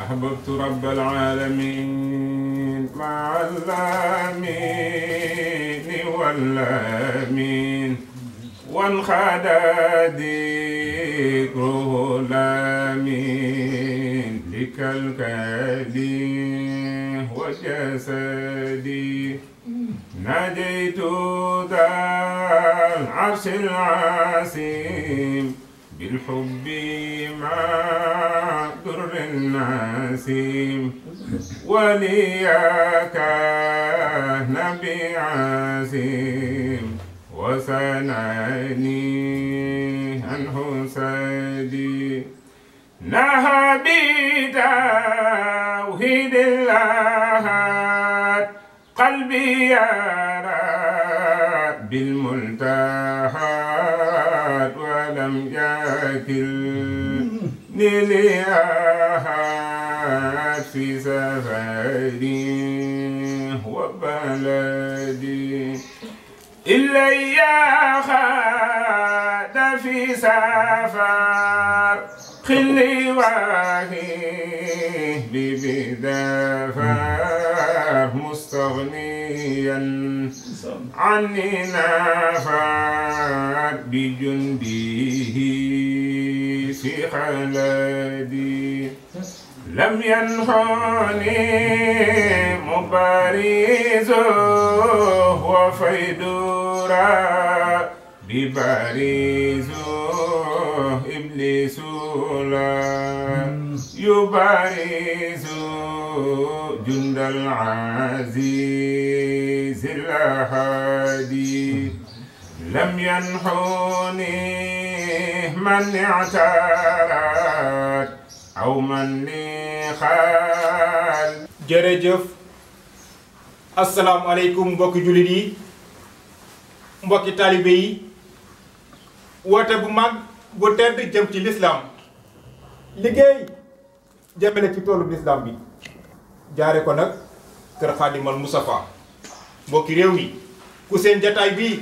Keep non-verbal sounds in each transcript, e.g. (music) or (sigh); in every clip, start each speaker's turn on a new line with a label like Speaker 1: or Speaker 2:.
Speaker 1: أحببت رب العالمين مع الأمين والأمين وانخدى ذكره الأمين لك الكلي وجسدي ناديت ذا العرش العظيم بالحب مع در الناس ولياك نبي عزيم وسناني عنه سيدي
Speaker 2: نهى
Speaker 1: بتوحيد الله قلبي يا رب الملتحى لم يكن للياحات في سفري وبلدي إلا ياخد في سفر خلي واهي بدفر مستغنيا عني نافات بجنده في خلدي لم ينفعني مبارزه وفيدورا بباريزه إبليس لا يبارزه جند العزيز الهادي لم ينحوني من اعترت او من لي خال جرجف
Speaker 3: السلام عليكم بوك جولدي بوك طالبي واتا بو ماغ بو تيرد جيم الاسلام ليغي جيمل تي الاسلام بي jaare ko nag kër Xaadimal Mustafa mbokki réew mi ku seen jataay bii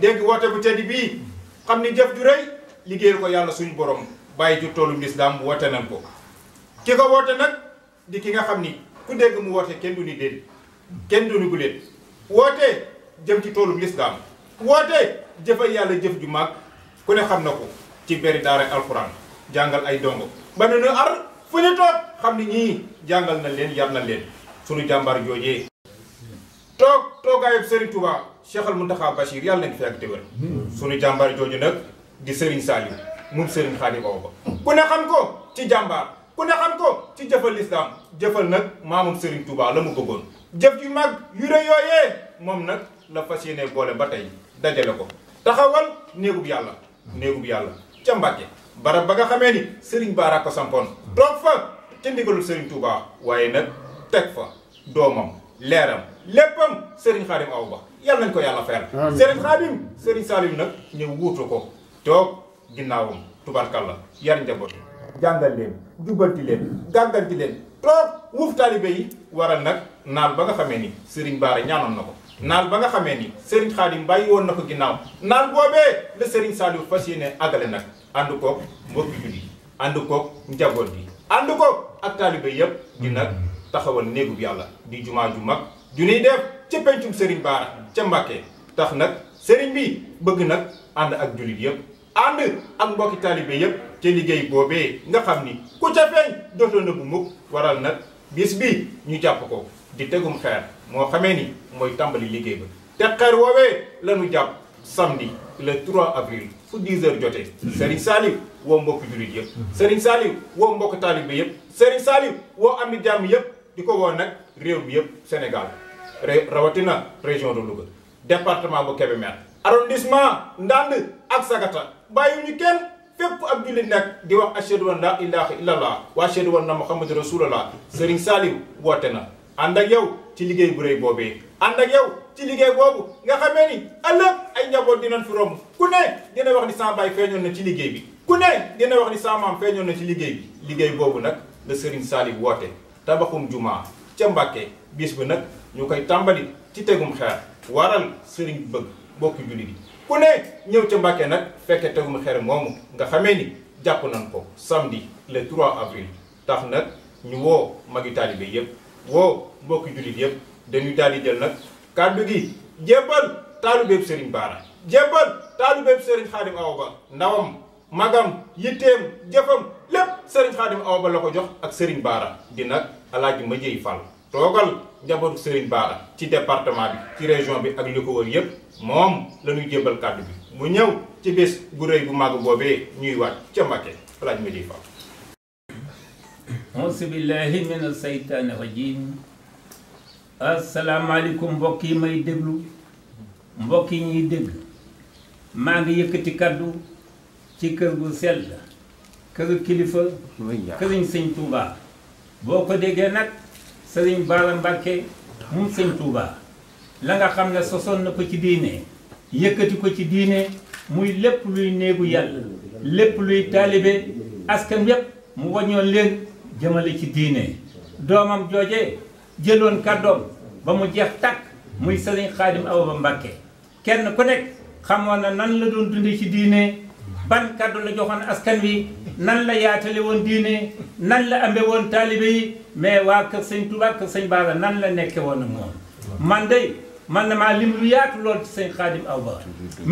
Speaker 3: dégg woote bu teddi bii xam ni jëf ju rëy liggéeyal ko yàlla suñu borom bàyyi ju tollu lislaam woote nañ ko ki nag di ki nga xam ni ku dégg mu woote kenn du ni kenn du ni guléet woote jëm ci toolum lislaam woote jëfal yàlla jëf ju mag ku ne xam na ko ci beri daara alxuraan jàngal ay dongo ba nu ar fu ñu toog xam ni ñii jàngal na leen yar leen sunu jàmbaar joojee toog toogaayu Serigne Touba Cheikh mu Mountakha Bachir yàlla nañ fi ak téwér sunu jàmbaar jooju nag di Serigne Saliou moom Serigne Khadim Awa ko ku ne xam ko ci jàmbaar ku ne xam ko ci jëfal lislaam jëfal nag maamam Serigne Touba la mu bëggoon jëf yu mag yu rëy yooyee moom nag la fas yéene boole ba tey dajale ko taxawal néegub yàlla néegub yàlla ca Mbàkke barab ba nga xamee ni Serigne Bara ko sampoon toog fa ca ndigalul Serigne Touba waaye nag teg fa doomam leeram léppam Serigne Khadim Awa Ba yàlla nañ ko yàlla feer Serigne Khadim Serigne Salim nag ñëw wuutu ko toog ginnaawam la yar njaboot jàngal leen jubbanti leen gàgganti leen toog wuuf taalibe yi waral nag naal ba nga xamee ni Serigne Bara ñaanoon na ko naal ba nga xamee ni Serigne Khadim bàyyi woon na ko ginnaaw naan boobee la Serigne Saliou fas yéene àggale ànd koog mbokki julli ànd koog njaboot bi ànd koog ak taalibe yëpp di nag taxawal néegu yàlla di jumaa ju mag ju ñuy def ca pencum sëriñ Baara ca Mbàkke tax nag sëriñ bi bëgg nag ànd ak jullit yëpp ànd ak mbokki taalibe yëpp ca liggéey boobee nga xam ni ku ca feeñ dootoo na bu mukk waral nag bis bi ñu jàpp ko di tegum xeer moo xamee ni mooy tàmbali liggéey ba te xeer woowee la ñu jàpp samedi le 3 avril fu 10 heures jotee Serigne Saliou woo mbokk julit yëpp Serigne Saliou woo mbokk taalib bi yëpp Serigne woo am ni jàmm di ko woo nag réew mi yëpp Sénégal rawatina région de Louga département bu Kébémer arrondissement Ndande ak Sagata bàyyiwuñu kenn fépp ab jullit nekk di wax ashhadu an la ilaha illallah wa ashhadu anna muhammadu rasulullah Serigne Saliou woote na ànd ak yow ci liggéey bu rëy boobee am ak yow ci liggéey boobu nga xamee ni ëllëg ay njaboot dinañ fi romb ku ne dina wax ni sama baay na ci liggéey bi ku ne dina wax ni sama maam feeñoon na ci liggéey bi liggéey boobu nag la Serigne Saliou woote tabaxum jumaa ca Mbàkke biis bi nag ñu koy tàmbali ci tegum xeer waral sëriñ bëgg bokk jullit yi ku ne ñëw ca Mbàkke nag fekke tegum xeer moomu nga xamee ni jàpp nañ ko samedi le 3 avril tax nag ñu woo magi taalibe yépp woo mbokki jullit yëpp dañuy daal di nag kàddu gi jébbal taalubéeb Serigne Bara jébbal taalubéeb Serigne Khadim Awa Ba ndawam magam yitteem jëfam lépp Serigne Khadim Awa la ko jox ak Serigne Bara di nag alaaji ma jëy fal toogal njabootu Serigne Bara ci département bi ci région bi ak li ko wër yëpp moom la jébbal kàddu bi mu ñëw
Speaker 4: ci bis bu rëy bu màgg boobee ñuy waat ca Mbacké alaaji ma jëy Fall أعوذ بالله من الشيطان الرجيم السلام عليكم بوكي ماي دغلو مبوكي ني دغ ماغي ييكتي كادو تي كير بو سيل كير كليفا كيرن سيغ توبا بوكو ديغي نات سيرن بالا مباركي موم سيغ توبا لاغا خامنا سوسون نكو تي ديني ييكتي كو تي ديني موي لپ لوي نيغو يال لپ لوي طالبي askan yep mu wagnon len jëmale ci diine doomam jooje jëloon kàddoom ba mu jeex tàkk muy sëriñ xaadim awa ba mbàkke kenn ku nekk xamoon na nan la doon dundee ci diine ban kàddu la joxoon askan bi nan la yaatale woon diine nan la amee woon taalibe yi mais waa kër sëñ Tuubaa kër sëñ Baara nan la nekke woon ak moom man de man na maa lim lu yaatu lool ci sëñ Xaadim aw ba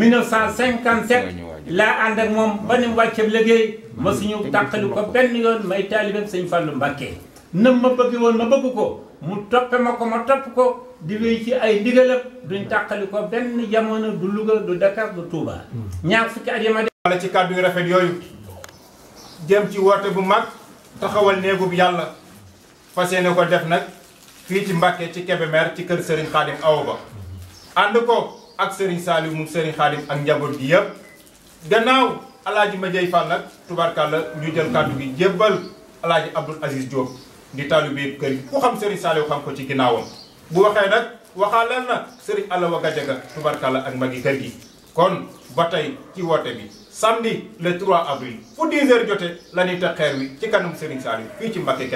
Speaker 4: 1957 laa ànd ak moom ba ni mu wàcceeb liggéey ma ñëw tàqali ko benn yoon may taalibeem sëñ Fallou Mbàkke nam ma bëgg woon ma bëgg ko mu toppe ma ko ma topp ko di wéy ci ay ndigalam duñ tàqali ko benn jamono du Louga du Dakar du Touba ñaar fukki at yi ma def ci kàddu yu rafet yooyu jëm ci woote bu mag taxawal
Speaker 3: néegu yàlla fas yéene ko def nag fii ci Mbàkke ci Kébémer ci kër Serigne Khadim Awa Ba ànd ko ak Serigne Saliou mu Serigne Khadim ak njaboot gi yëpp gannaaw alaaji Madiaye Fall nag tubaarkàlla ñu jël kàddu gi jébbal alaaji Abdoul Aziz Diop di taalibe kër yi ku xam Serigne Saliou xam ko ci ginnaawam bu waxee nag waxaaleel na Serigne Alawa Gadiaga tubaarkàlla ak magi kër gi kon ba tey ci woote bi sànni le 3 avril fu 10 heures jotee la ñuy teg xeer wi ci kanam Serigne Saliou fii ci Mbàkke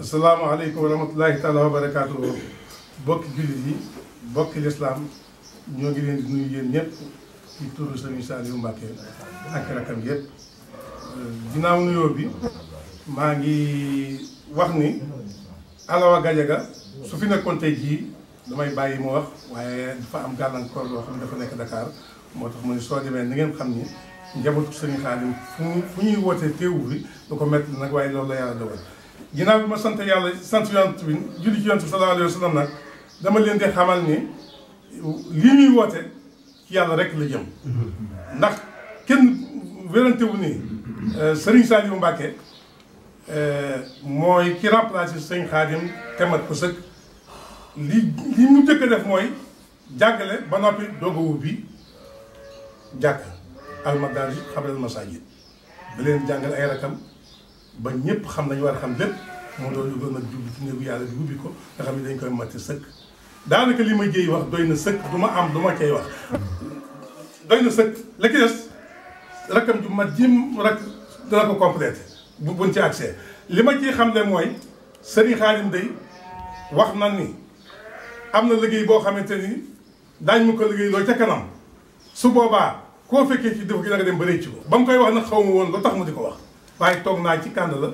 Speaker 5: asalaamaaleykum wa rahmatulahi taala wa barakaatu bokki jullit yi bokki lislaam ñoo ngi leen di nuyu yéen ñëpp ci turu Sëriñ Saliou Mbacke ak rakam yëpp ginnaaw nuyoo bi maa ngi wax ni Alawa Gadiaga su fi nekkoon tey jii damay bàyyi mu wax waaye dafa am gàllankoor loo xam ne dafa nekk Dakar moo tax mu ne soo demee ni ngeen xam ni njabootu Sëriñ Saliou fu ñuy wootee teewu bi lu ko métti nag waaye loolu la yàlla dogal ginnaaw bi ma sant yàlla sant yonent bi julli ci yonent bi sallallahu alayhi wa sallam nag dama leen di xamal ni li ñuy woote yàlla rek la jëm ndax kenn wérante wu nii euh, sëriñ Saliou Mbacke euh, mooy ki remplacé sëñ Xaadim temat ko li li mu jëkk a def mooy jàngale ba noppi doog a ubbi jàkk almadaari xabral masaajid ba leen jàngale ay rakam ba ñëpp xam nañu war xam lépp moo doon lu gën a jublu ci néegu yàlla bi ko nga xam ne dañ koy matti sëkk daanaka li ma jéy wax doy na sëkk du ma am du ma cay wax doy na sëkk la ki des rakkam ju mat jim rak dana ko complété bu buñ ci accès li ma ciy xam ne mooy sëriñ Xaadim day wax na ni am na liggéey boo xamante ni daañ mu ko liggéey loo ca kanam su boobaa koo fekkee ci def gi nga dem bëree ci ko ba mu koy wax nag xaw woon lu tax mu di ko wax waaye toog naa ci kànd la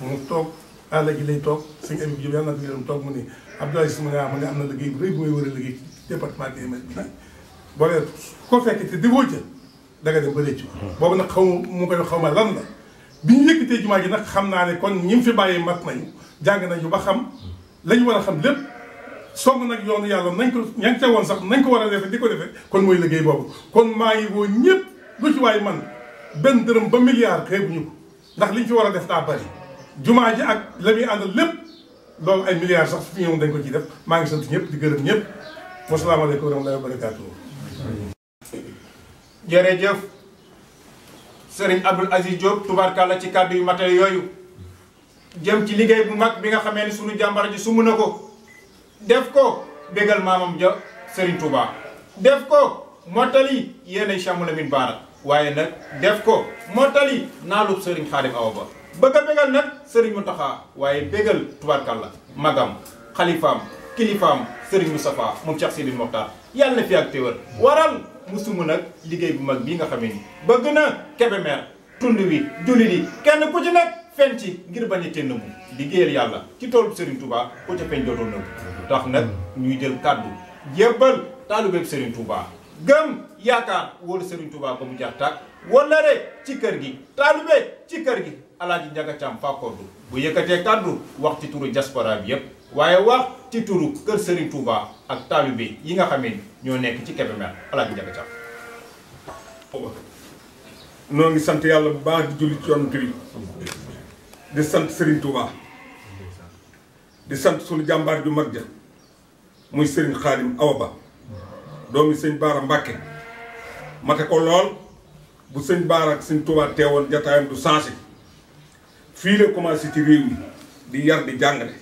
Speaker 5: mu toog àll ji lay toog sëñ Habib Diop yàlla toog mu ne Abdoulaye Sy ah am na liggéey bu rëy bu may war a liggéey ci département DMS bi boo fekk te defoo ba rëccu boobu nag xaw mu koy xaw ma lan la bi ñu yëkkatee jumaa ji nag xam naa ne kon ñi fi bàyyi mat nañu jàng nañu ba xam la war a xam lépp song nag yoonu yàlla nañ ko ña woon sax nañ ko war a defee di ko defee kon mooy liggéey boobu kon maa ngi woo ñëpp lu ci waay man benn dërëm ba milliard xeebuñu ko ndax liñ fi war a def daa bari jumaa ji ak la muy àndal lépp loolu ay milliards sax fi ñëw dañ ko ciy def maa ngi sant ñëpp di gërëm ñëpp wasalaamaaleykum wa rahmatullahi wa barakaatu. jërëjëf Serigne
Speaker 3: Abdoul Aziz Diop tubaarkàlla ci kàddu yu matale yooyu jëm ci liggéey bu mag bi nga xamee ni sunu jàmbar ji sumb na ko def ko bégal maamam ja sëriñ Touba def ko mottali yéenay Cheikh Mouhamadou Lamine Bara waaye nag def ko mottali naalub sëriñ xaadim awa ba bëgg a bégal nag sëriñ Muntaxa waaye bégal la magam xalifaam kilifaam sëriñ Moustapha moom Cheikh Sidi Mokhtar yàlla na fi ak téwër waral mu sumb nag liggéey bu mag bii nga xamee ni bëgg na Kébémer tund wi julli di kenn ku ci nekk fen ci ngir bañ a ténn mu liggéeyal yàlla ci toolu Serigne tubaa ku ca feeñ jotoon na tax nag ñuy jël kàddu jébbal taalubéeb Serigne Touba gëm yaakaar wóolu Serigne Touba ba mu jeex tàkk wala rek ci kër gi taalube ci kër gi alaaji yi Caam fàkkoordu bu yëkkatee kàddu wax ci turu diaspora bi yépp waaye wax ci turu kër sëriñ Touba ak taalube yi nga xamee ñoo nekk ci Kébémer alaaji Njaga Caam
Speaker 6: noo ngi sant yàlla bu baax julli ci yonent bi di sant Serigne Touba di sant sul jàmbaar ju mag ja muy Serigne Xaadim Awa doomi sëñ Baara Mbàkke mate ko lool bu sëñ Baara ak sëñ Tuubaa teewoon jataayam du changé fii la commencé ci réew mi di yar di jàngale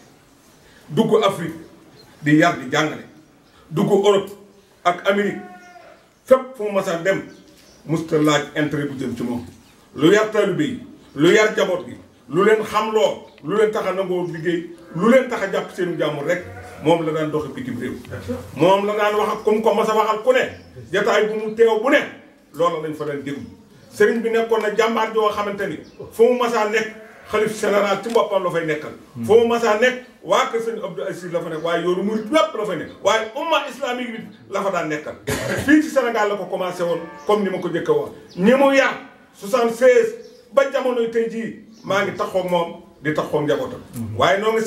Speaker 6: dugg Afrique di yar di jàngale dugg Europe ak Amérique fépp fu mu mas a dem musta laaj intérêt bu jëm ci moom lu yar taalibe lu yar jaboot gi lu leen xamloo lu leen tax a nangoo liggéey lu leen tax a jàpp seenu jàmm rek moom la daan doxe bitim réew moom la daan wax ak comme ko mas a waxal ku ne jataay bu mu teew bu ne loola lañ fa daan déglu sëriñ bi nekkoon na jàmbaar joo xamante ni fu mu masaa nekk xalif général ci boppam la fay nekkal hmm. fu mu masaa nekk waa kër sëñ Abdou Aziz la fa nekk waaye yoonu murit lépp la fa nekk waaye umma islamique bi la fa daan nekkal (coughs) fii ci Sénégal la ko commencé woon comme ni ma ko njëkk a wax ñi mu yar 76 ba jamonoy tey jii maa ngi taxoo moom di taxoo njabootam hmm. waaye noo ngi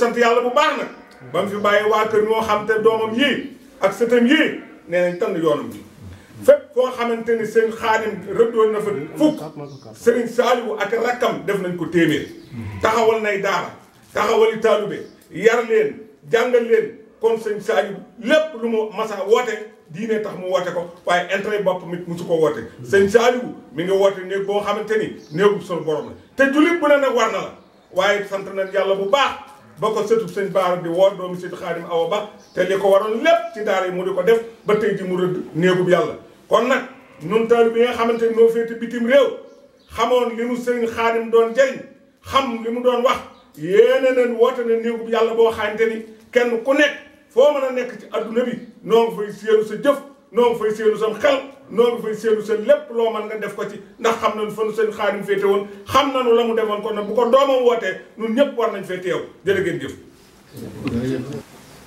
Speaker 6: ba mu fi bàyyi waa kër ñoo xam te doomam yii ak sëtam yii nee nañ tànn yoonam bi fépp koo xamante ni seen xaadim rëddoon na fa fukk sëriñ Saaliwu ak rakkam def nañ ko téeméer taxawal nay daara taxawali taalube yar leen jàngal leen kon sëñ Saaliwu lépp lu mu masa woote diine tax mu woote ko waaye intérêt bopp mu musu ko woote sëñ Saaliwu mi ngi woote néeg boo xamante ni néegu suñu borom na te jullit bu ne nag war na la waaye sant nañ yàlla bu baax ba ko sëtu sëñ baara bi woor doomu sëtu xaadim awa ba te li ko waroon lépp ci daara yi mu di ko def ba tey ji mu rëdd néegub yàlla kon nag nun taal bi nga xamante ni noo féete bitim réew xamoon li mu sëñ xaadim doon jëriñ xam li mu doon wax yéene nañ woote na néegub yàlla boo xamante ni kenn ku nekk foo mën a nekk ci adduna bi noo ngi fay séenu sa jëf noo ngi fay séenu sam xel noonu fay seenu sa lépp loo man nga def ko ci ndax xam nañu fanu seen xaadim féete woon xam nañu la mu defoon kon nag bu ko doomam wootee ñëpp war nañ fee teew jërë ngeen jëf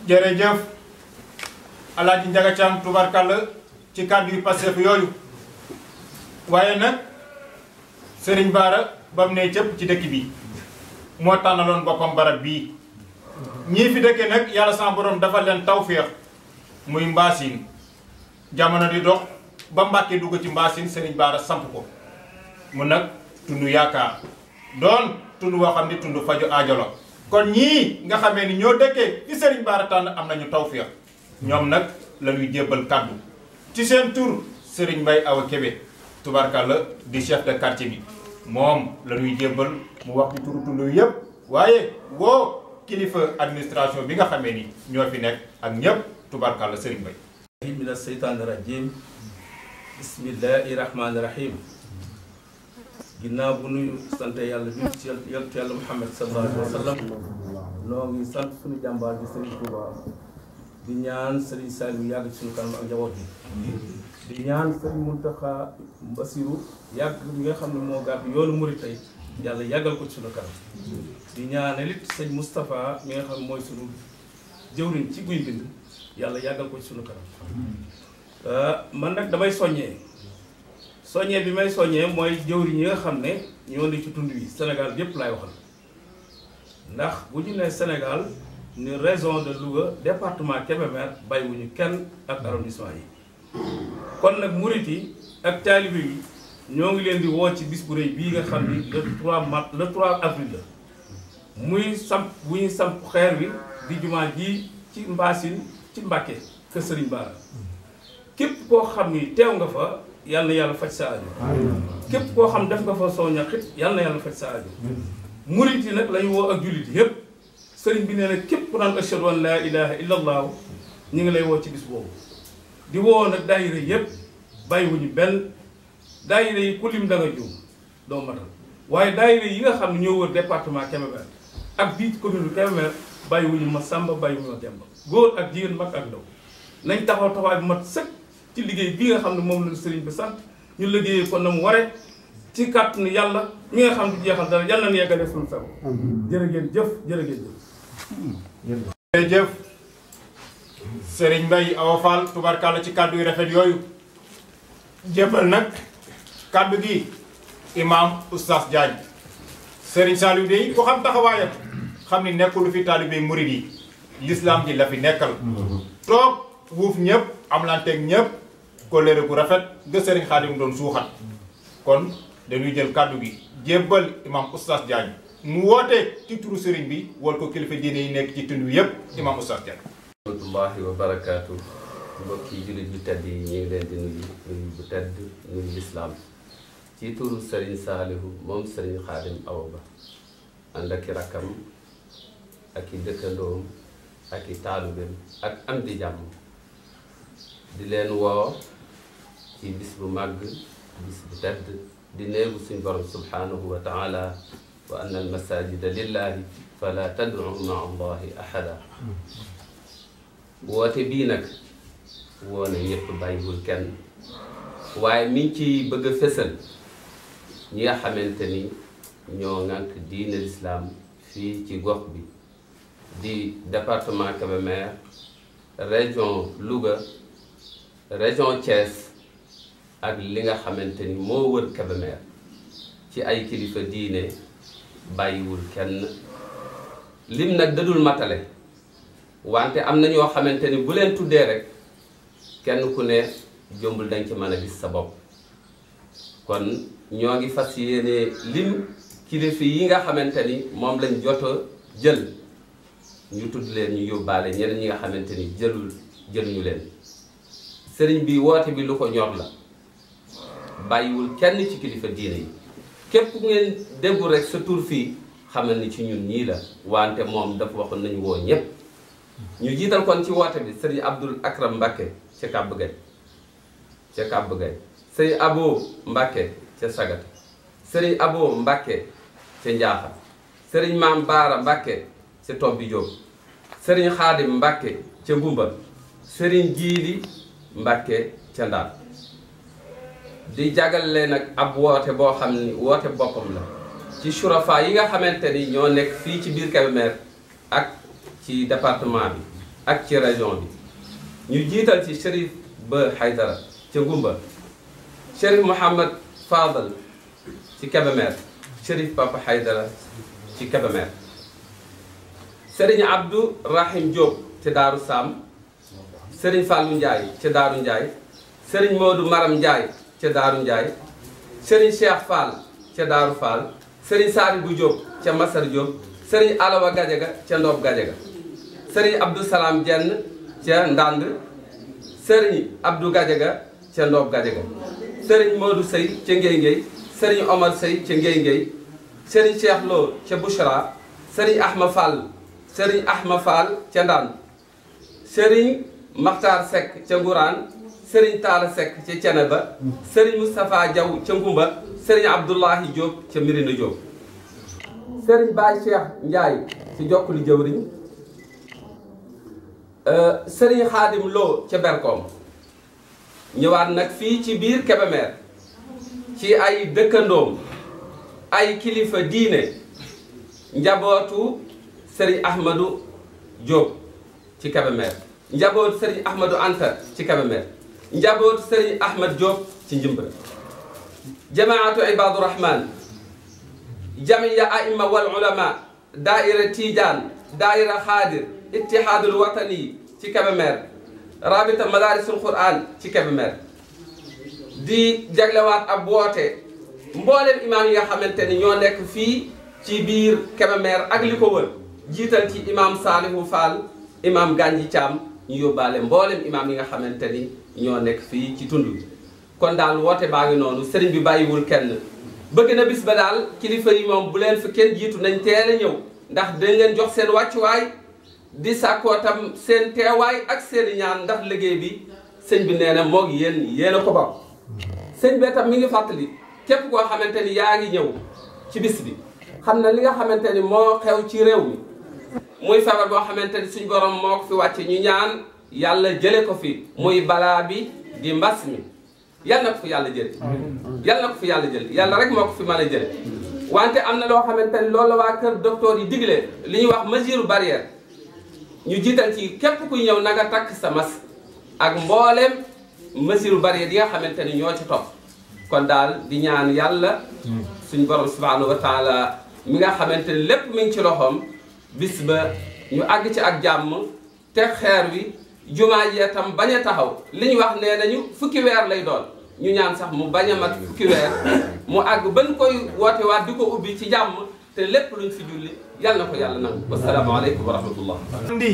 Speaker 6: jërëjëf alaaji Njaga Caam tubarkàlla
Speaker 3: ci kàddu yu Pastef yooyu waaye nag sëriñ Baara ba mu ne cëpp ci dëkk bi moo tànnaloon boppam barab bii ñii fi dëkkee nag yàlla sama borom dafa leen tawféex muy mbaasin jamono di dox ba mbàkke dugg ci mbassine serigne bara samp ko mu nak tund yaakaar don tund wo xamni ni faju ajalo kon ñi nga xamé ni ñoo dekké ci serigne bara tan am nañu tawfiq ñom nak la jébal kaddu ci sen tour serigne mbay awa kebe di chef de quartier bi mom la jébal mu wax ci turu tund yépp waaye wo kilifa administration bi nga xamé ni ñoo fi nek ak ñëpp tubarkalla serigne mbay
Speaker 7: bismillahi rahmaani rahim ginnaaw bu nuyu sante yàlla bi ci yonent yàlla Muhammad sallallahu alayhi wa sallam noo ngi sant suñu jàmbaar bi Serigne Touba di ñaan Serigne Saliou yàgg suñu kanam ak njaboot bi di ñaan Serigne Mountakha Bassirou yàgg mi nga xam ne moo gàtt yoonu murit tey yàlla yàggal ko ci suñu kanam di ñaanal it sëñ Moustapha mi nga xam mooy suñu jëwriñ ci guy bind yàlla yàggal ko ci suñu kanam Euh, man nag damay soññee soññee bi may soññee mooy jëwriñ yi nga xam ne ñu ne ci tund wi Sénégal yépp laay waxal ndax bu ñu nee Sénégal ni région de Louga département Kébémer bàyyiwuñu kenn ak arrondissement yi kon nag murit yi ak taalibe yi ñoo ngi leen di woo ci bis bu rëy bii nga xam ni le trois mars le 3 avril la muy samp bu ñuy samp xeer bi di jumaa gi ci mbaasin ci Mbàkke kër Sëriñ képp koo xam ni teew nga fa yàlla yàlla faj sa aajo képp koo xam def nga fa soo ñaqit yàlla yàlla faj sa aajo murit yi nag lañu woo ak jullit yépp sëriñ bi nee na képp ku naan ashhadu an laa ilaha illa ñu ngi lay woo ci bis boobu di woo nag daayira yépp bàyyiwuñu benn daayira yi ku lim da nga juum doo matal waaye daayira yi nga xam ne ñoo wër département Kébémer ak biit commune Kébémer bàyyiwuñu ma sàmba bàyyiwuñu dem demba góor ak jigéen mag ak ci liggéey bi nga xam ne moom lañu sëriñ bi sant ñu liggéeyee ko na mu waree ci kàttanu yàlla mi nga xam ne jeexal dara yàlla na yeggale suñu sago jërë ngeen jëf jërë
Speaker 3: sëriñ Mbaye Awa Fall tubarkàlla ci kàddu yu rafet yooyu jébbal nag kàddu gi imaam oustaz Diagne sëriñ Saliou dey ku xam taxawaayam xam ni nekkul fi taalibe murid yi lislaam ji la fi nekkal mm-hmm. toog wuuf ñëpp am lanteeg ñëpp kóllëre bu rafet nga sëriñ Xaadim doon suuxat kon dañuy jël kàddu gi jébbal imam Oustaz Diagne mu wootee ci turu sëriñ bi wal ko kilifa diine yi nekk ci tund wi yëpp imam Oustaz Diagne
Speaker 8: rahmatullahi wa barakaatu mbokki jullit ci turu sëriñ saalihu moom sëriñ Xaadim Awa Ba ànd ak i rakkam ak i dëkkandoom ak i taalubeem ak am di jàmm di leen woo ci bis bu màgg bis bu tedd di néegu suñ borom subhaanahu wa taala wa anna al masajida lillahi fala tad'u maa allahi ahada woote bii nag woo na ñëpp bàyyiwul kenn waaye mi ngi ci bëgg a fësal ñi nga xamante ni ñoo ŋànk diine lislaam fii ci gox bi di département Kébémer région Louga région Thiès ak li nga xamante ni moo wër Kébémer ci ay kilifa diine bàyyiwul kenn lim nag dadul matale wante am na ñoo xamante ni bu leen tuddee rek kenn ku ne jombul dañ ci mën a gis sa bopp kon ñoo ngi fas yéene lim kilifa yi nga xamante ni moom lañ joto a jël ñu tudd leen ñu yóbbaale ñeneen ñi nga xamante ni jëlul ñu leen sëriñ bi woote bi lu ko ñor la bàyyiwul kenn ci kilifa diine yi képp ku ngeen déggu rek sa tur fii xamal ni ci ñun ñii la wante moom dafa waxoon nañu woo ñëpp ñu jiital kon ci woote bi sëriñ Abdul Akram Mbacke ca Kàbb Gay ca Kàbb Gay sëriñ Abo Mbacke ca Sagat sëriñ Abo Mbacke ca Njaaxa sëriñ Maam Baara Mbacke ca Tobbi sëriñ Xaadim Mbacke ca Mbumba sëriñ Jiili Mbacke ca Ndaar di le nak ab wote bo xamni wote bopam la ci shurafa yi nga xamanteni ño nek fi ci biir Kébémer ak ci département bi ak ci région bi ñu jital ci Chérif Ba Haydara ci gumba Chérif mohammed Fadal ci Kébémer Chérif Papa Haydara ci Kébémer Serigne Abdou Rahim job ci daru sam Serigne Fallou ndjay ci daru ndjay Serigne Modou Maram ndjay ca Daaru Ndiaye Serigne Cheikh Fall ca Daaru Fall Serigne Saari bu ca Masar Diop Serigne Alawa Gajaga ca Ndoob Gajaga Serigne Abdou Salam Jenn ca Ndand Serigne Abdou Gajaga ca Ndoob Gajaga sëriñ Modou Sey ca Ngéy Ngéy Serigne Omar Sey ca Ngéy Ngéy Serigne Cheikh Lo ca Bouchra Serigne Ahma Fall Serigne Ahma Fall ca Ndand Serigne Makhtar Seck ca Ngourane Serigne Talla Seck ca Thiénaba mm-hmm. Serigne Moustapha Diaw ca Ngumba Serigne Abdoulahi Diop ca Mirina Diop Serigne Baye Cheikh Ndiaye ci Jokkuli Jëwriñ euh, sëriñ Khadim Lo ca Berkom ñëwaat nag fii ci biir Kébémer ci ay dëkkandoom ay kilifa diine njabootu Serigne Ahmadou Diop ci Kébémer njabootu sëriñ Ahmadou Anta ci Kébémer njaboot sëriñ Ahmed Diop ci njëmbër jamaatu ibadu rahman jamiya aima wal ulama daaira tiijaan daaira xaadir ittihaadul watani ci Kébémer rabita madaarisul quran ci Kébémer di jaglewaat ab woote mboolem imaam yi nga xamante ni ñoo nekk fii ci biir Kébémer ak li ko wër jiital ci imaam Saalihu Fall imaam Gànji Caam ñu yóbbaale mboolem imaam yi nga xamante ni ñoo nekk fii ci tund kon daal woote baa ngi noonu sëriñ bi bàyyiwul kenn bëgg na bis ba daal kilifa yi moom bu leen fi kenn jiitu nañ teel a ñëw ndax dañ leen jox seen wàccuwaay di sàkkoo tam seen teewaay ak seen ñaan ndax liggéey bi sëñ bi nee na moog yéen yéen a ko bam sëñ bee tam mi ngi fàttali képp koo xamante ni yaa ngi ñëw ci bis bi xam na li nga xamante ni moo xew ci réew mi muy feebar boo xamante ni suñ borom moo ko fi wàcce ñu ñaan yàlla jële ko fi muy balaa bi di mbas mi yal yàlla jële na ko fi yàlla jële yàlla rek moo ko fi mën a jële wante am na loo xamante ni loolu la waa kër docteur yi digle li ñu wax mesure barrière ñu jiital ci képp kuy ñëw nag a takk sa masque ak mbooleem mesure barrière yi nga xamante ni ñoo ci topp kon daal di ñaan yàlla suñ borom subhanahu wa taala nga xamante ni lépp mi ngi ci loxoom bis ba ñu àgg ci ak jàmm te xeer wi jumaa ji itam bañ a taxaw li ñu wax nee nañu fukki weer lay doon ñu ñaan sax mu bañ a mat fukki weer (laughs) mu àgg ban koy woote waat di
Speaker 3: ko ubbi ci jàmm te lépp luñ fi julli yàlla na ko yàlla nangu
Speaker 9: wasalaamaaleykum wa rahmatullah
Speaker 3: ndi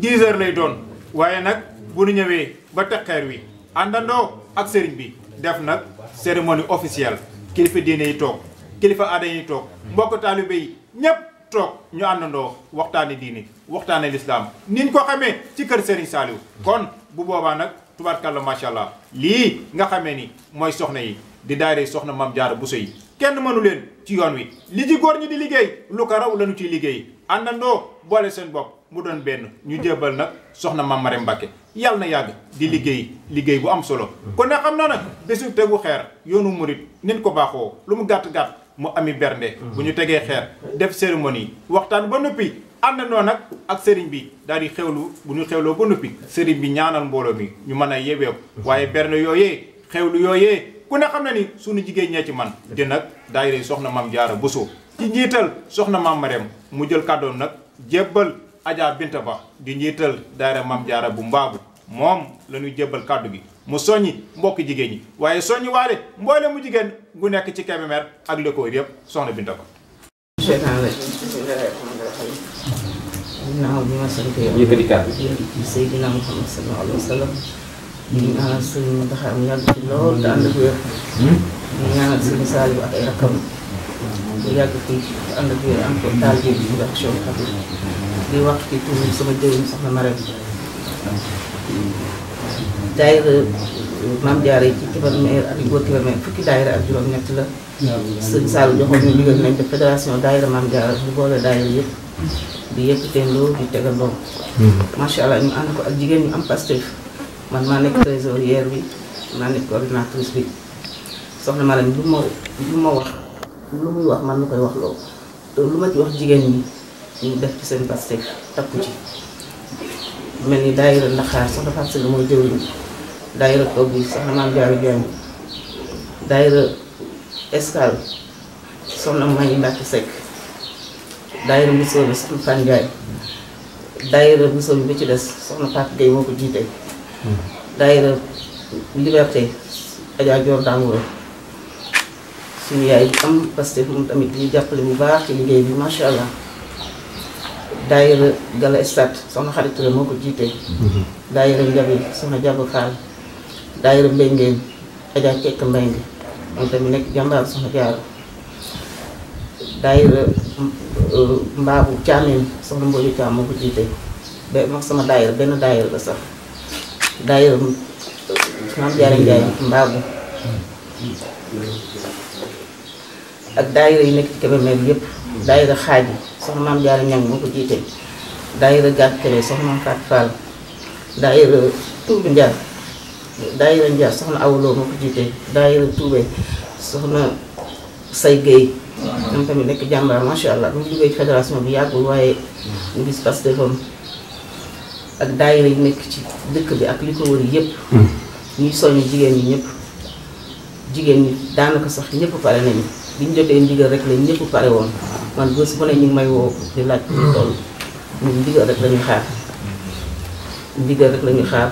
Speaker 3: 10 heures lay doon waaye nag bu ñu ñëwee ba teqeer wi àndandoo ak sëriñ bi def nag cérémonie officielle kilifa diine yi toog kilifa aada yi toog mbokk taalibe yi ñépp toog ñu àndandoo waxtaani diine waxtaane lislaam nin ko xamee ci kër Serigne Saliou kon bu boobaa nag tubaat tubaarkàlla macha allah lii nga xamee ni mooy soxna yi di daare soxna Mame jaaro Bousso yi kenn mënu leen ci yoon wi li ci góor ñi di liggéey lu ko raw lañu ciy liggéey àndandoo boole seen bopp mu doon benn ñu jébal nag soxna Mame Marème Mbacké yàlla na yàgg di liggéey liggéey bu am solo kon ne xam na nag bésu tegu xeer yoonu murit nin ko baaxoo lu mu gàtt-gàtt mu ami bernde mm-hmm. bu ñu tegee xeer def cérémonie waxtaan ba noppi àndandoo nag ak sëriñ bi daal di xewlu bu ñu xewloo ba noppi sëriñ bi ñaanal mbooloo mi ñu mën a yebeeku waaye berne yooyee xewlu yooyee ku ne xam na ni sunu jigéen ñee ci man di nag daayira soxna maam jaara Bousso ci njiital soxna maam Marème mu jël kàddoon nag jébbal Adja Binta Ba di njiital daayira maam jaara bu mbaabu moom la ñuy jébbal kàddu gi mu soññi mbokki jigéen ñi waaye soññi waale mboole mu jigéen gu nekk ci Kébémer ak li ko wër yëpp soxna
Speaker 2: Binta ginnaaw bi ma sant yow. yëkkati kàddu yi ci Seydina Muhammad sallallahu wa yàgg ci lool te ànd hmm? bi ak ay rakkam. ñu yàgg ànd ak wér am ko taal bi di wax ci di wax ci tur sama jëriñ soxna Marème. daayira maam jaare ci Kébémer ak yu wër Kébémer ak juróom-ñett la. sëñ Saalum joxoon ñu ndigal nañ ko fédération daayira Maam Jaara bu boole daayira yëpp di yëkkateendoo di tegandoo mm-hmm. macha allah ñu ànd ko ak jigéen ñu am Pastef man maa nekk trésorière bi maa nekk coordinatrice bi soxna ma lañ lu ma lu ma wax lu muy wax man lu koy wax loo te lu ma ci wax jigéen ñi ñu def ci seen Pastef takku ci mel ni daayira Ndaxaar soxna Fatou Seye mooy jëwriñ Escale soxna May Mbacke Seck daayira Moussa bi soxna Fane Ndiaye ci des soxna moo ko jiite. daayira Liberté Adja Dior Dangoura suñu yaay am Pastef moom tamit ñu jàppale bu baax ci liggéey bi macha allah. daayira Gala Estat soxna xarit la moo ko jiite. daayira Njabi soxna Jabu Fall daayira Mbengeen Adja Cekk Mbeng moom tamit nekk jàmbaar euh, soxna jaaru daayira mbaabu caameen soxna mbooju caam moo ko jiite benn daayira la sax daayira euh, maam jaara njaay mbaabu ak daayira yi nekk ci Kébémer yëpp daayira xaaj yi maam jaara ñang moo ko jiite daayira gàtt kebe soxna maam Fatou Fall daayira tuubu njaar daayira Ndiaye soxna awloo ma ko jiite daayira Toubé soxna say Guèye moom tamit nekk jàmbaar macha allah mu ngi jógee ci fédération bi yàggul waaye ñu gis pastefam ak daayira yi nekk ci dëkk bi ak li ko wër yëpp hmm. ñuy soññ jigéen ñi ñëpp jigéen ñi daanaka sax ñëpp pare nañu bi ñu jotee ndigal rek lañ ñëpp pare woon man bés bu ne ñu ngi may woo di laaj ñu toll hmm. ñun ndigal rek la xaar ndigal rek la xaar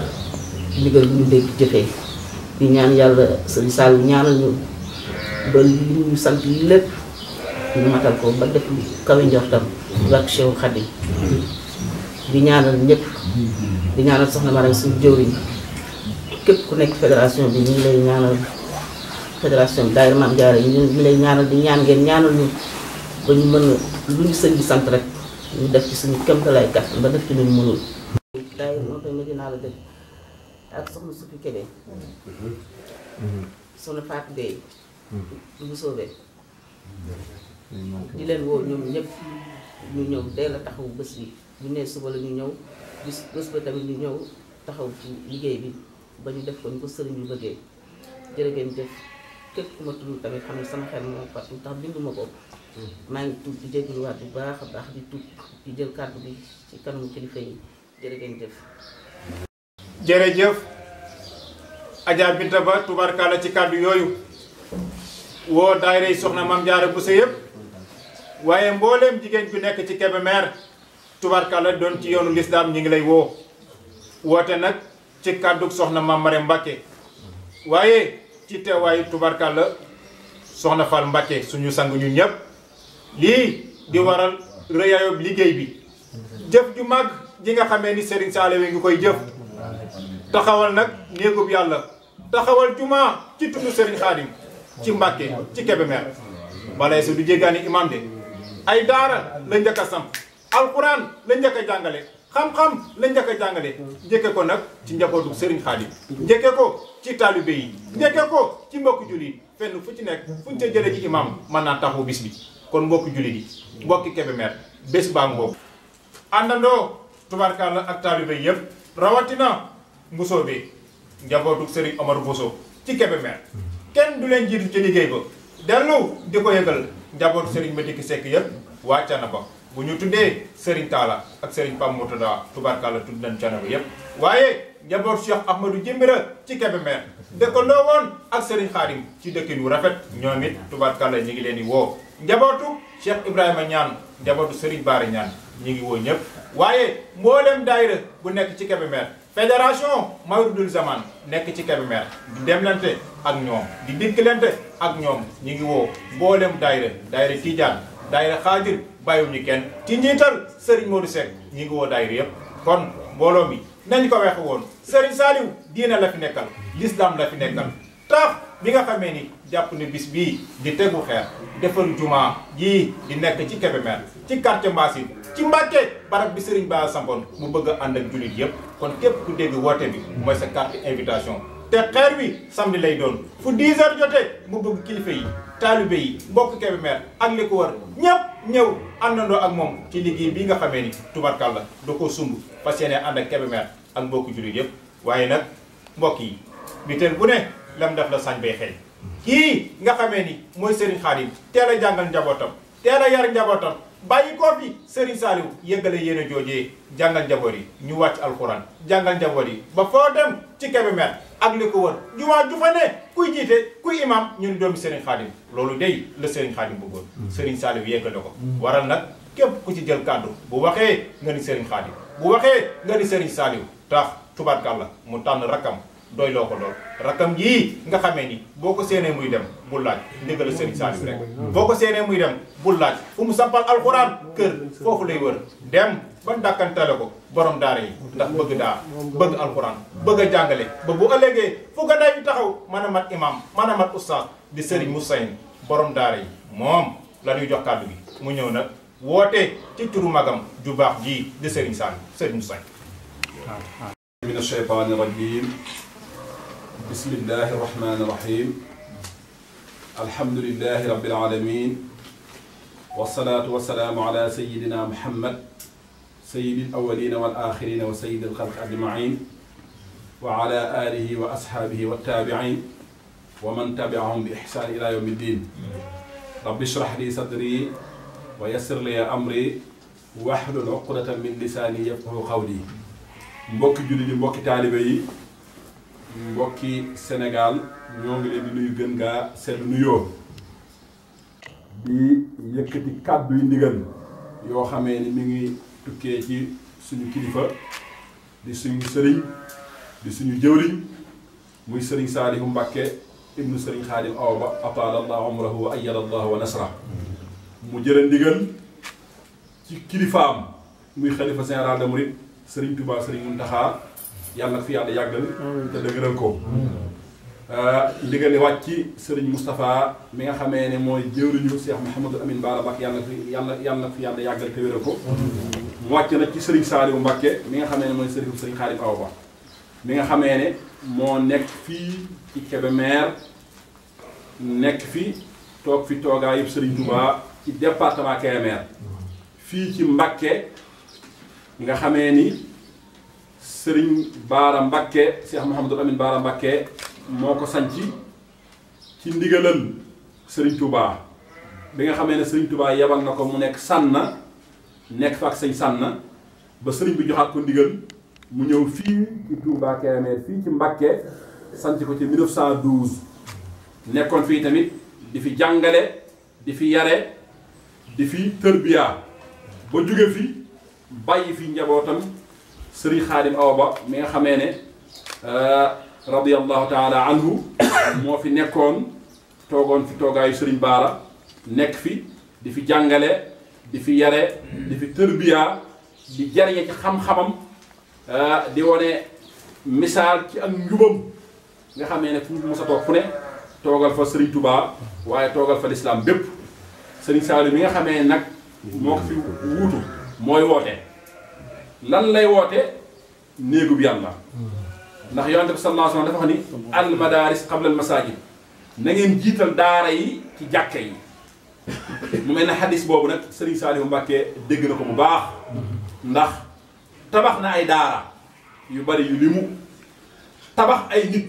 Speaker 2: ndigal ñu dégg jëfee di ñaan yàlla sëriñ Saliou ñaanal ñu ba li ñu sant ba def kawe njortam wak Cheikh Khady di ñaanal ñëpp di ñaanal soxna ku nekk fédération bi ñu ngi lay ñaanal fédération bi daayira Maam Jaara ñu ngi lay ñaan ngeen ñaanal ñu ba lu ñu sëñ sant rek ñu def ci suñu kéemtalaay kàttan ba def ci lu ñu mënul. daayira moom tamit Medina la dëkk ak soxna Sufi Kébé. Mhm. soxna Fatou Gueye. bu mhm. soobee. Mhm. di leen woo ñoom ñëpp ñu ñëw teel a taxaw bës bi ñu ne suba la ñu ñëw bis bés ba tamit ñu ñëw taxaw ci liggéey bi ba ñu def ko ñu ko sëriñ ñu bëggee jërë ngeen jëf képp ku ma tudd tamit xam ne sama xel moom fa tax binduma ko maa ngi tuub di jégaluwaat bu baax a baax di tuub di jël kàddu bi ci kanamu kilifa yi jërë ngeen jëf. jërëjëf Adja
Speaker 3: Binta Ba tubarkalla ci kaddu yoyu wo daayirey soxna mam jaara Bousso seyep waye mbollem jigen ju nek ci Kébémer tubarkalla don ci yoonu l'islam ñi ngi lay wo wote nak ci kaddu soxna mam mare Mbacké waye ci teewaayu tubarkalla soxna fal Mbacké suñu sang ñun ñep li di waral rëyaayoob liggéey bi jëf ju mag gi nga xamé ni Serigne salewé ngi koy jëf taxawal nag néegub yàlla taxawal juma ci tudd Serigne Khadim ci Mbàkke ci Kébémer balay su du jéggaani imam de ay daara la njëkk a samp alquran la njëkk a jàngale xam-xam la njëkk jàngale njëkke ko nag ci njabootu Serigne Khadim njëkke ko ci taalibe yi njëkke ko ci mbokk jullit fenn fu ci nekk fu ñu ca jële ci imam mën naa taxu bis bi kon mbokk jullit yi mbokki Kébémer bés baa ngoogu àndandoo tubaarkalla ak taalibe yëpp rawatina Bousso bi njabootu Serigne Omar Bousso ci Kébémer kenn du leen jiitu ci liggéey ba dellu di ko yëgal njabootu Serigne Madicke Seck yëpp waa Thiénaba bu ñu tuddee Serigne Talla ak Serigne Pam Moutada tubaarkàlla tudd nañ Thiénaba yëpp waaye njaboot Cheikh Ahmadou Jimbira ci Kébémer dëkkandoo woon ak Serigne Khadim ci dëkkin wu rafet ñoom tubaat tubaarkàlla ñu ngi leen di woo njabootu Cheikh Ibrahima ñaan njabootu Serigne Bara Niane ñu ngi woo ñëpp waaye mboolem daayira bu nekk ci Kébémer fédération Mawir Dul Zaman nekk ci Kébémer di demlante ak ñoom di dikkalante ak ñoom ñu ngi woo mboolem daayira daayira Tijaan daayira Xaadir bàyyiwuñu kenn ci njiital Serigne Modou Seck ñu ngi woo daayira yëpp kon mbooloo mi nañ ko weex woon Serigne Saliou diine la fi nekkal l'islam la fi nekkal taaf bi nga xamee ni jàpp ne bis bii di tegu xeex defal jumaa jii di nekk ci Kébémer ci quartier Mbassine ci Mbàkke barab bi Serigne Ba sampoon mu bëgg a ànd ak jullit yëpp kon képp ku dégg woote bi mooy sa carte invitation te xeer wi samedi lay doon fu 10 heures jotee mu bëgg kilifa yi taalibe yi mbokk Kébémer ak li ko war ñëpp ñëw àndandoo ak moom ci liggéey bii nga xamee ni tubarkàlla da ko sumb fas yéene ànd ak Kébémer ak mbokku jullit yëpp waaye nag mbokk yi biteel bu ne lam def la sañ bay xëy kii nga xamee ni mooy Serigne Khadim teel a jàngal njabootam teel a yar bàyyi koo bi Serigne Saliou yëggale yéen a joojee jàngal njaboot yi ñu wàcc alxuraan jàngal njaboot yi ba foo dem ci Kébémer ak li ko wër jumaa ju fa ne kuy jiite kuy imam ñu ni doomi Serigne Khadim loolu day la Serigne Khadim bëggoon mm-hmm. Serigne Saliou yëggale ko mm-hmm. waral nag képp ku ci jël kàddu bu waxee nga ni Serigne Khadim bu waxee nga ni Serigne Saliou tax la mu tànn rakkam doy loo ko lool rakam yii nga xamee ni boo ko séenee muy dem bul laaj ndigal sëriñ Saliou rek boo ko séenee muy dem bul laaj fu mu sampal alxuraan kër foofu lay wër dem ba dàkkantale ko borom daara yi ndax bëgg daa bëgg alxuraan bëgg a jàngale ba bu ëllëgee fu ko bi taxaw mën a mat imam mën a mat ustaas di sëriñ Moussaïn borom daara yi moom la ñuy jox kàddu gi mu ñëw nag woote ci turu magam ju baax jii di sëriñ Saliou sëriñ Moussaïn
Speaker 9: بسم الله الرحمن الرحيم الحمد لله رب العالمين والصلاة والسلام على سيدنا محمد سيد الأولين والآخرين وسيد الخلق أجمعين وعلى آله وأصحابه والتابعين ومن تبعهم بإحسان إلى يوم الدين رب اشرح لي صدري ويسر لي أمري واحلل عقدة من لساني يفقه قولي مبوك julli مبوك تالبي mbokki Sénégal ñoo ngi leen di nuyu gën ngaa seen nuyoo di yëkkati kàddu ndigal yoo xamee ni mi ngi tukkee ci suñu kilifa di suñu sëriñ di suñu jëwriñ muy sëriñ Saalihu Mbàkke ibnu sëriñ Xaadim Awa Ba ataala allahu amrahu wa ayyada allahu wa nasra mu jëlee ndigal ci kilifaam muy xalifa général de Mouride sëriñ Touba sëriñ Muntaxa yàlla fi yàlla yàggal te dëgëral ko ndigal li wàcc ci sëriñ mi nga xamee ne mooy jëwriñu Cheikh Mouhamadou Amine Bara Mbacké yàlla fi yàlla yàlla fi yàlla yàggal te ko mu wàcc nag ci Saliou Mbacké mi nga xamee ne mooy Awa mi nga xamee ne moo nekk fii ci nekk fi toog fi toogaa yëpp Touba ci département fii ci Mbacké nga xamee ni sëriñ Baara Mbacke Cheikh Mouhamadou Amine Baara Mbacke moo ko sanc ci ndigalal sëriñ Touba bi nga xam ne sëriñ Touba yebal na ko mu nekk sànna nekk fa ak sëñ sànna ba sëriñ bi joxaat ko ndigal mu ñëw fii ci Touba Kébémer fii ci Mbacke sanc ko ci 1912 nekkoon fii tamit di fi jàngale di fi yare di fi tërbiya ba jóge fi bàyyi fi njabootam sëriñ xaadim awa ba mi nga xamee ne euh, radiallahu taala anhu (coughs) moo fi nekkoon toogoon fi toogaayu sëriñ baara nekk fi di fi jàngale di fi yare di fi tërbiya di jariñe ci xam-xamam euh, di wane misaal ci ak njubam nga xamee ne fu mu sa toog fu ne toogal fa sëriñ tubaa waaye toogal fa lislaam bépp sëriñ Saliou bi nga xamee nag moo fi wuutu mooy woote lan lay woote néegub yàlla ndax yonent bi sallallahu alayhi wasallam dafa wax ni al madaris qabla al masajid na ngeen jiital daara yi ci jàkke yi mu mel ne xadis boobu nag sëriñ Saalihu Mbàkke dégg na ko bu baax ndax tabax na ay daara yu bari yu limu tabax ay nit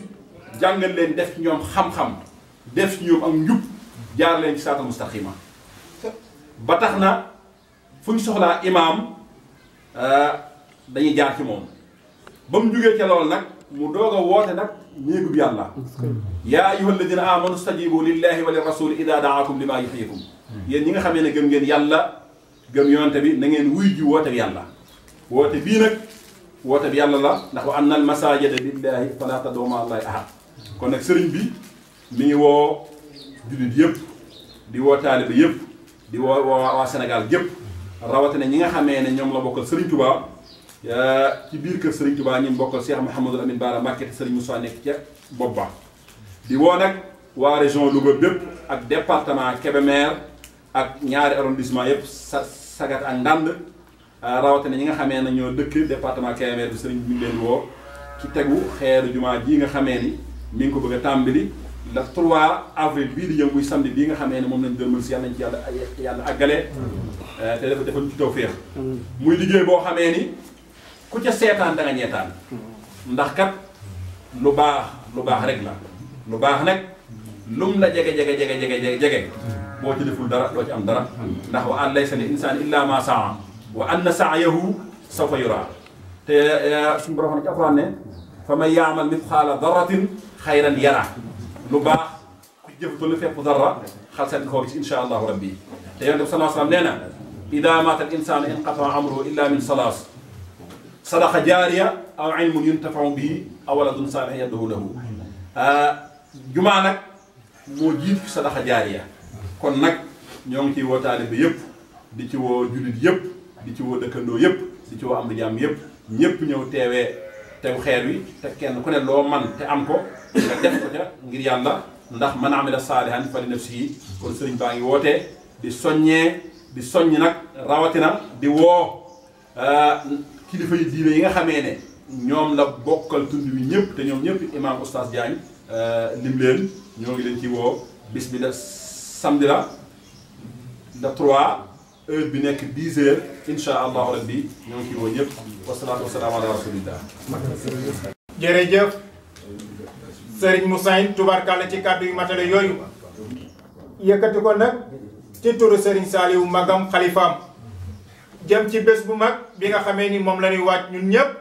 Speaker 9: jàngal leen def ci ñoom xam-xam def ci ñoom ak njub jaar leen ci saata mustaqima ba tax na fu ñu soxlaa imaam dañuy jaar ci moom ba mu jugee ca loolu nag mu doog a woote nag néegub yàlla ya ayyuha alladina amanu stajibu lillahi wa li rasuli ida daakum lima yuhyikum yéen ñi nga xamee ne gëm ngeen yàlla gëm yonante bi na ngeen wuy ji woote bi yàlla woote bii nag woote bi yàlla la ndax wa anna al masajida lillahi fala tad'u allahi ahad kon nag sëriñ bi mi ngi woo jullit yëpp di woo taaliba yëpp di woo waa waa Sénégal yëpp rawatina ñi nga xamee ne ñoom la bokkal Serigne Touba eh, ci biir kër Serigne Touba ñu bokkal Cheikh Mouhamadul Amine Bara Mbacké te Serigne Moussa nekk ca bopp ba di woo nag waa région Louga bépp ak département Kébémer ak ñaari arrondissement yëpp sa sagat ak ndànd eh, rawatina ñi nga xamee ne ñoo dëkk département Kébémer bi Serigne bi leen woo ci tegu xeer jumaa ji nga xamee ni mi ngi ko bëgg a le 3 avril bii di ñëw muy samedi bii nga xamee ne moom lañ dërmal si yàlla ci yàlla yàlla àggale te dafa defal ci taw féex muy liggéey boo xamee ni ku ca seetaan da nga ñeetaan ndax kat lu baax lu baax rek la lu baax nag lum la jege jege jege jege jege boo ci deful dara doo ci am dara ndax wa an laysa li insaan illa ma saa wa an sa'yahu sawfa yura te suñu borom ne ci alxuraan fa may ya'mal mithqala dharratin khayran yara لو باخ كي جيف دول فيك ذره خال سن كو ان شاء الله ربي دايو النبي صلى الله عليه وسلم نينا اذا مات الانسان انقطع عمره الا من صلاه صدقه جاريه او علم ينتفع به او ولد صالح يده له آه جمعة في صدقه جاريه كون نك نيوم كي و طالب ييب دي تي و جوليت ييب دي تي و دكانو ييب دي تي و ام جام ييب ييب نيو تيوي tew xeer wi te kenn ku ne loo man te am ko nga def ko ca ngir yàlla ndax man amila saalihan fa li nafsihi kon sëriñ baa ngi wootee di soññee di soññ nag rawatina di woo euh, kilifa yu diine yi nga xamee ne ñoom la bokkal tund wi ñëpp te ñoom ñëpp imaam oustaz Diagne euh, lim leen ñoo ngi leen ci woo bis bi la samedi heure bi nekk 10 heures incha allahu rabbi a ngi ciy woo ñëpp wasalaatu wasalaam ala rasulillah.
Speaker 3: jërëjëf Serigne Moussa Ine ci kàddu yu matale yooyu yëkkati ko nag ci turu Serigne Saliou Magam xalifaam jëm ci bés bu mag bi nga xamee ni moom la ñuy waaj ñun ñëpp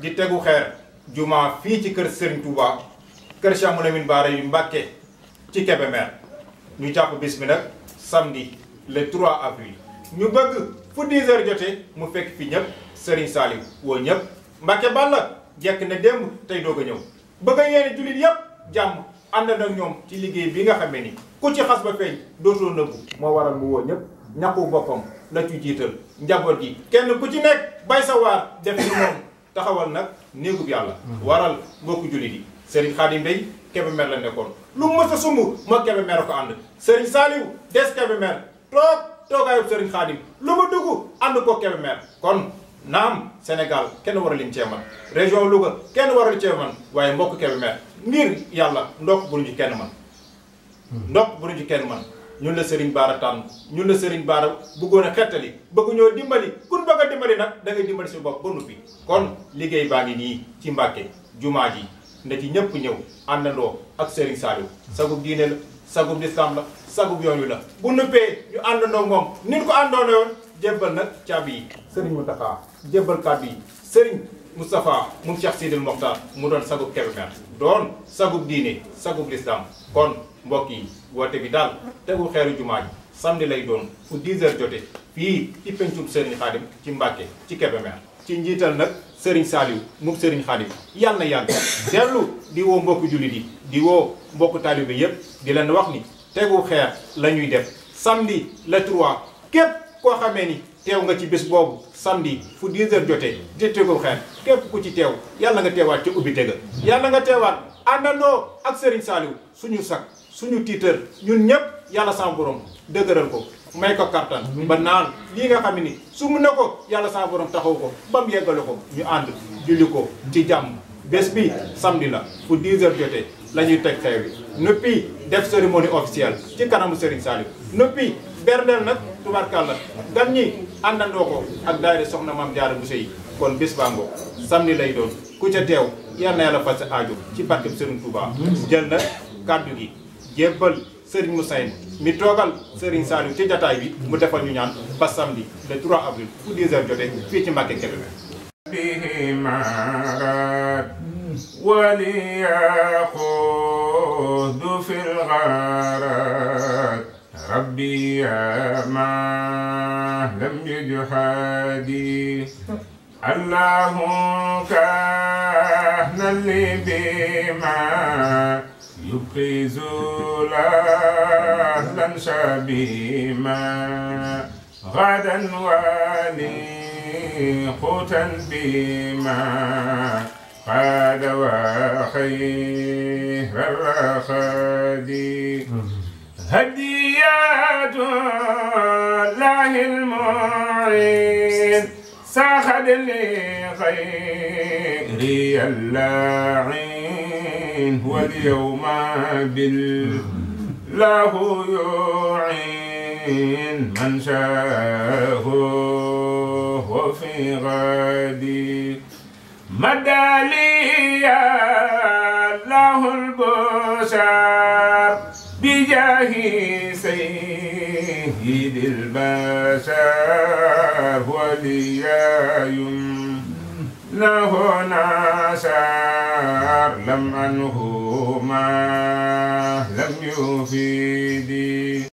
Speaker 3: di tegu xeer jumaa fii ci kër Serigne Touba kër Cheikh Moulamine Bara yu Mbàkke ci Kébémer ñu jàpp bis bi nag samedi. le 3 avril ñu bëgg fu 10 heures jotee mu fekk fii ñëpp Serigne Saliou woo ñëpp Mbacke Balla jekk na dem tey doog a ñëw bëgg a jullit yëpp jàmm ànd nag ñoom ci liggéey bi nga xamee ni ku ci xas ba feeñ dootoo nëbbu moo waral mu woo ñëpp ñaqu boppam la ci jiital njaboot gi kenn ku ci nekk bay sa waar def ni moom taxawal nag néegub yàlla waral mbokku jullit yi Serigne Khadim Bey Kébémer la nekkoon lu mës a sumb moo Kébémer a ko ànd Serigne Saliou toog toogaayu Serigne Khadim lu ma dugg ànd ko Kébémer kon naam Sénégal kenn war liñ cee man région Louga kenn waral cee man waaye mbokk Kébémer ngir yàlla ndox bu ñu kenn man ndox bu ñu kenn man ñun la Serigne Bara tànn ñun la Serigne Bara bëggoon a xettali bëgg ñoo dimbali kun ba a dimbali nag da ngay dimbali si bopp ba bi kon liggéey baa ngi nii ci Mbàkke jumaa ji na ci ñëpp ñëw àndandoo ak Serigne Saliou sagub diine la sagub la sagub yoon wi la bu nëppee ñu àndandoo moom ni ko àndoon yoon jébbal nag caabi yi sëriñ Mountakha jébbal kàddu yi sëriñ Moustapha moom Cheikh Sidil Mokhtar mu doon sagub Kébémer doon sagub diine sagub lislaam kon mbokk yi woote bi daal tegu xeeru jumaa ji samedi lay doon fu 10 heures jotee fii ci pencum Serigne ci Mbàkke ci Kébémer ci njiital nag Serigne Saliou moom Serigne Khadim yàlla na yàgg (coughs) dellu di woo mbokku jullit yi di woo mbokku taalibe yépp di leen wax ni tegu xeer la ñuy def samedi le 3 képp koo xamee ni teew nga ci bés boobu samedi fu 10 heures jotee di tegu xeer képp ku ci teew yàlla nga teewaat ci ubbi tega yàlla nga teewaat àndandoo ak Serigne Saliou suñu sag suñu tiitër ñun ñëpp yàlla sama dëgëral ko may ko kartan ba naan lii nga xam ni su mun na ko yàlla sama borom taxaw ko ba mu yeggale ko ñu ànd julli ko ci jàmm bés bi samedi la fu 10 heures jotee la ñuy teg xeer bi nëppi def cérémonie officielle ci kanamu Serigne Saliou nëppi berndeel nag tubaarkàlla gan ñi àndandoo ko ak daayira soxna Maam Jaara Buso yi kon bés bango samedi lay doon ku ca teew yal na yàlla faj sa aajo ci barkeb Serigne Touba jël nag kàddu gi jébbal Serigne seen mi toogal Serigne Saliou ci jataay bi mu defal ñu ñaan ba samedi le 3 avril fu 10 heures jotee fii ci Mbàkke Kébémer
Speaker 1: بهما رد وليأخذ في الغارات ربي يا ما لم يجحدي الله كهنا لي بما يبقي لن شبيما غدا ولي قوتا بما قاد وخيه الرخدي هديات الله المعين ساخد لغيري اللاعين واليوم بالله يعين من شاء وفي غادي مدى لي له البشر بجاه سيد البشر وليا له ناشر لم أنه ما لم يفيدي